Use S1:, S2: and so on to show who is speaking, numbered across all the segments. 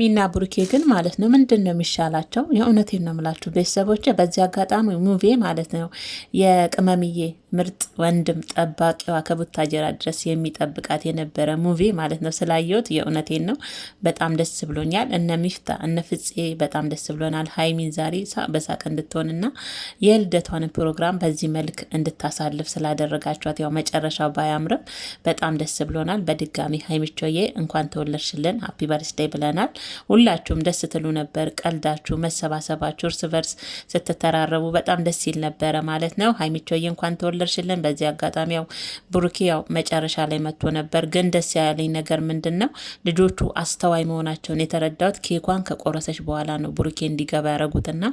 S1: ሚና ብሩኬ ግን ማለት ነው ምንድን ነው የሚሻላቸው? የእውነቴን ነው የምላችሁ ቤተሰቦች። በዚህ አጋጣሚ ሙቪ ማለት ነው የቅመምዬ ምርጥ ወንድም ጠባቂዋ ከቡታጀራ ድረስ የሚጠብቃት የነበረ ሙቪ ማለት ነው። ስላየሁት የእውነቴን ነው በጣም ደስ ብሎኛል። እነ ሚፍታ እነ ፍፄ በጣም ደስ ብሎናል። ሀይሚን ዛሬ በሳቅ እንድትሆንና የልደቷን ፕሮግራም በዚህ መልክ እንድታሳልፍ ስላደረጋችኋት ያው መጨረሻው ባያምርም በጣም ደስ ብሎናል። በድጋሚ ሀይሚቾዬ እንኳን ተወለድሽልን ሀፒ በርስዴይ ብለናል። ሁላችሁም ደስ ትሉ ነበር። ቀልዳችሁ፣ መሰባሰባችሁ፣ እርስ በርስ ስትተራረቡ በጣም ደስ ይል ነበረ ማለት ነው። ሀይሚቾዬ እንኳን ተወለ የደወለርሽልን። በዚህ አጋጣሚ ያው ብሩኬ ያው መጨረሻ ላይ መጥቶ ነበር፣ ግን ደስ ያለኝ ነገር ምንድን ነው ልጆቹ አስተዋይ መሆናቸውን የተረዳሁት ኬኳን ከቆረሰች በኋላ ነው ብሩኬ እንዲገባ ያደረጉትና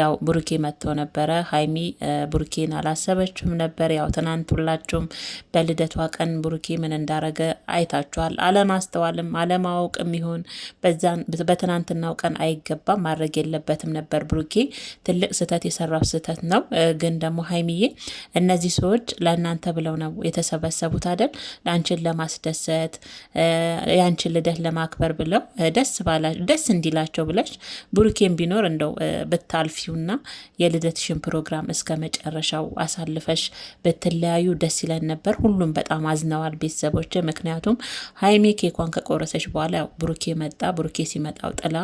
S1: ያው ብሩኬ መጥቶ ነበረ። ሀይሚ ብሩኬን አላሰበችም ነበር። ያው ትናንት ሁላችሁም በልደቷ ቀን ብሩኬ ምን እንዳረገ አይታችኋል። አለማስተዋልም አለማወቅ የሚሆን በትናንትናው ቀን አይገባም ማድረግ የለበትም ነበር ብሩኬ። ትልቅ ስህተት የሰራው ስህተት ነው። ግን ደግሞ ሀይሚዬ እነ እነዚህ ሰዎች ለእናንተ ብለው ነው የተሰበሰቡት አይደል? ለአንቺን ለማስደሰት የአንቺን ልደት ለማክበር ብለው ደስ እንዲላቸው ብለሽ ብሩኬን ቢኖር እንደው ብታልፊውና የልደትሽን ፕሮግራም እስከ መጨረሻው አሳልፈሽ ብትለያዩ ደስ ይለን ነበር። ሁሉም በጣም አዝነዋል ቤተሰቦች። ምክንያቱም ሀይሜ ኬኳን ከቆረሰች በኋላ ያው ብሩኬ መጣ። ብሩኬ ሲመጣው ጥላ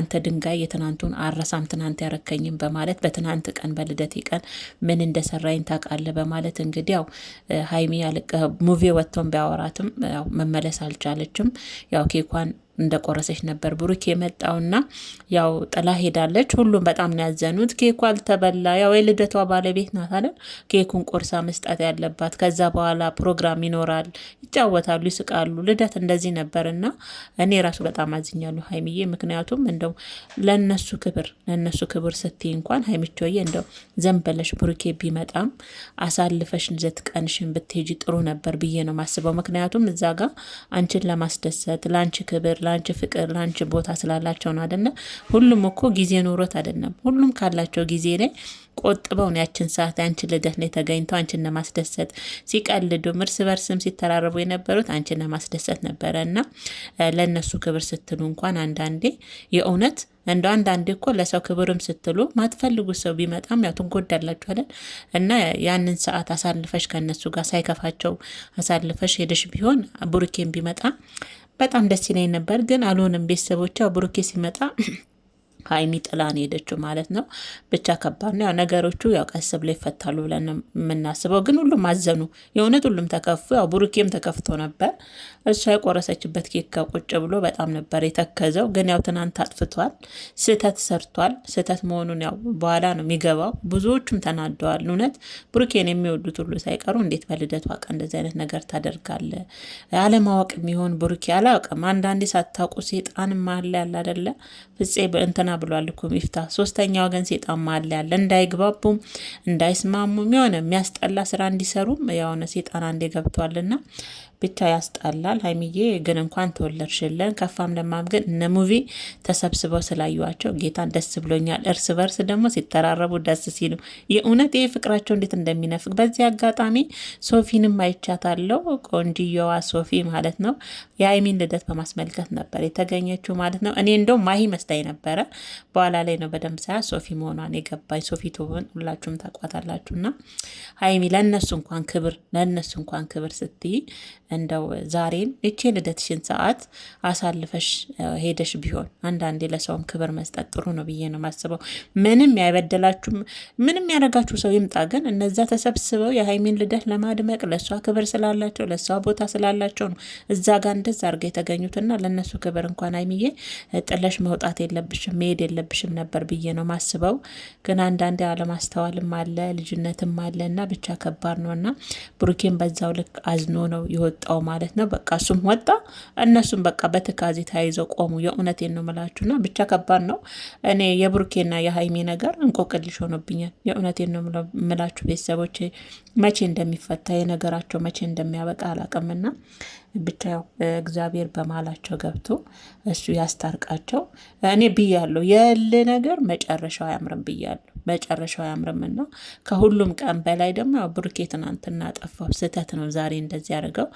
S1: አንተ ድንጋይ የትናንቱን አረሳም ትናንት ያረከኝም በማለት በትናንት ቀን በልደቴ ቀን ምን እንደሰራኝ ታውቃለህ በማለት እንግዲህ ያው ሀይሚ ሙቪ ወጥቶን ቢያወራትም መመለስ አልቻለችም። ያው ኬኳን እንደቆረሰች ነበር ብሩክ የመጣውና ያው ጥላ ሄዳለች። ሁሉም በጣም ነው ያዘኑት። ኬኩ አልተበላ። ያው የልደቷ ባለቤት ናት አለ ኬኩን ቆርሳ መስጣት ያለባት። ከዛ በኋላ ፕሮግራም ይኖራል፣ ይጫወታሉ፣ ይስቃሉ። ልደት እንደዚህ ነበርና እኔ ራሱ በጣም አዝኛለሁ ሀይሚዬ። ምክንያቱም እንደው ለነሱ ክብር ለነሱ ክብር ስትይ እንኳን ሀይሚቾዬ እንደው ዘንበለሽ ብሩኬ ቢመጣም አሳልፈሽ ልደት ቀንሽን ብትሄጂ ጥሩ ነበር ብዬ ነው ማስበው። ምክንያቱም እዛ ጋር አንቺን ለማስደሰት ለአንቺ ክብር ለአንቺ ፍቅር ለአንቺ ቦታ ስላላቸው ነው አደለ? ሁሉም እኮ ጊዜ ኖሮት አደለም። ሁሉም ካላቸው ጊዜ ላይ ቆጥበው ያችን ሰዓት አንቺን ልደት ነው ተገኝተው አንቺን ለማስደሰት ሲቀልዱም እርስ በርስም ሲተራረቡ የነበሩት አንቺን ለማስደሰት ነበረ እና ለእነሱ ክብር ስትሉ እንኳን አንዳንዴ የእውነት እንደ አንዳንዴ እኮ ለሰው ክብርም ስትሉ ማትፈልጉ ሰው ቢመጣም ያው ትጎዳላችሁ እና ያንን ሰዓት አሳልፈሽ ከእነሱ ጋር ሳይከፋቸው አሳልፈሽ ሄደሽ ቢሆን ቡርኬን ቢመጣ በጣም ደስ ይለኝ ነበር ግን አልሆነም ቤተሰቦቿ ብሩኬ ሲመጣ ሀይሚ ጥላን ሄደችው ማለት ነው። ብቻ ከባድ ነው። ያው ነገሮቹ ያው ቀስ ብለው ይፈታሉ ብለን የምናስበው ግን ሁሉም አዘኑ። የእውነት ሁሉም ተከፉ። ያው ቡሩኬም ተከፍቶ ነበር። እሷ የቆረሰችበት ኬክ ቁጭ ብሎ በጣም ነበር የተከዘው። ግን ያው ትናንት አጥፍቷል፣ ስህተት ሰርቷል። ስህተት መሆኑን ያው በኋላ ነው የሚገባው። ብዙዎቹም ተናደዋል። እውነት ቡሩኬን የሚወዱት ሁሉ ሳይቀሩ እንዴት በልደቷ ቀን እንደዚህ አይነት ነገር ታደርጋለ? አለማወቅ የሚሆን ቡሩኬ አላውቅም። አንዳንዴ ሳታውቁ ሴጣንም አለ ያለ አደለ ፍጼ በእንትና ብሏል እኮ ሚፍታ። ሶስተኛ ወገን ሴጣን ማለ ያለ እንዳይግባቡም እንዳይስማሙም የሆነ የሚያስጠላ ስራ እንዲሰሩም የሆነ ሴጣን አንዴ ገብቷልና ብቻ ያስጣላል። ሀይሚዬ ግን እንኳን ተወለድሽልን። ከፋም ለማም ግን እነ ሙቪ ተሰብስበው ስላዩቸው ጌታን ደስ ብሎኛል። እርስ በርስ ደግሞ ሲተራረቡ ደስ ሲሉ የእውነት ይህ ፍቅራቸው እንዴት እንደሚነፍቅ በዚህ አጋጣሚ ሶፊንም አይቻታለው። ቆንጅየዋ ሶፊ ማለት ነው የሀይሚን ልደት በማስመልከት ነበር የተገኘችው ማለት ነው። እኔ እንደው ማሂ መስታይ ነበረ። በኋላ ላይ ነው በደንብ ሳያ ሶፊ መሆኗን የገባኝ። ሶፊ ትሆን ሁላችሁም ታቋታላችሁ። እና ሀይሚ ለእነሱ እንኳን ክብር ለእነሱ እንኳን ክብር ስትይ እንደው ዛሬን እቼ ልደትሽን ሰዓት አሳልፈሽ ሄደሽ ቢሆን አንዳንዴ ለሰውም ክብር መስጠት ጥሩ ነው ብዬ ነው የማስበው። ምንም ያበደላችሁ ምንም ያደረጋችሁ ሰው ይምጣ፣ ግን እነዛ ተሰብስበው የሀይሚን ልደት ለማድመቅ ለእሷ ክብር ስላላቸው ለእሷ ቦታ ስላላቸው ነው እዛ ጋር እንደዛ አድርገው የተገኙትና ለእነሱ ክብር እንኳን ሀይሚዬ ጥለሽ መውጣት የለብሽም መሄድ የለብሽም ነበር ብዬ ነው ማስበው። ግን አንዳንዴ አለማስተዋልም አለ ልጅነትም አለ እና ብቻ ከባድ ነው እና ብሩኬን በዛው ልክ አዝኖ ነው ይወጡ ወጣው ማለት ነው። በቃ እሱም ወጣ፣ እነሱም በቃ በትካዜ ተያይዘው ቆሙ። የእውነቴን ነው ምላችሁና ብቻ ከባድ ነው። እኔ የብሩኬና የሀይሜ ነገር እንቆቅልሽ ሆኖብኛል። የእውነቴን ነው ምላችሁ ቤተሰቦች፣ መቼ እንደሚፈታ የነገራቸው መቼ እንደሚያበቃ አላቅምና ብቻ እግዚአብሔር በማላቸው ገብቶ እሱ ያስታርቃቸው። እኔ ብያለሁ የል ነገር መጨረሻው አያምርም ብያለሁ። መጨረሻው አያምርምና ከሁሉም ቀን በላይ ደግሞ ብሩኬ ትናንትና ጠፋው። ስህተት ነው ዛሬ እንደዚህ ያደርገው።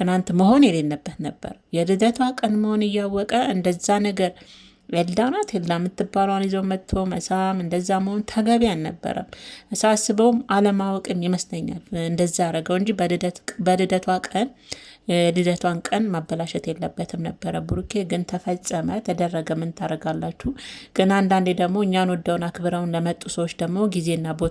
S1: ትናንት መሆን የሌለበት ነበር። የልደቷ ቀን መሆን እያወቀ እንደዛ ነገር ኤልዳ ናት ኤልዳ የምትባሏን ይዞ መጥቶ መሳም እንደዛ መሆን ተገቢ አልነበረም። ሳስበውም አለማወቅም ይመስለኛል እንደዛ ያደረገው እንጂ በልደቷ ቀን ልደቷን ቀን ማበላሸት የለበትም ነበረ። ብሩኬ ግን ተፈጸመ፣ ተደረገ። ምን ታደርጋላችሁ? ግን አንዳንዴ ደግሞ እኛን ወደውን አክብረውን ለመጡ ሰዎች ደግሞ ጊዜና ቦታ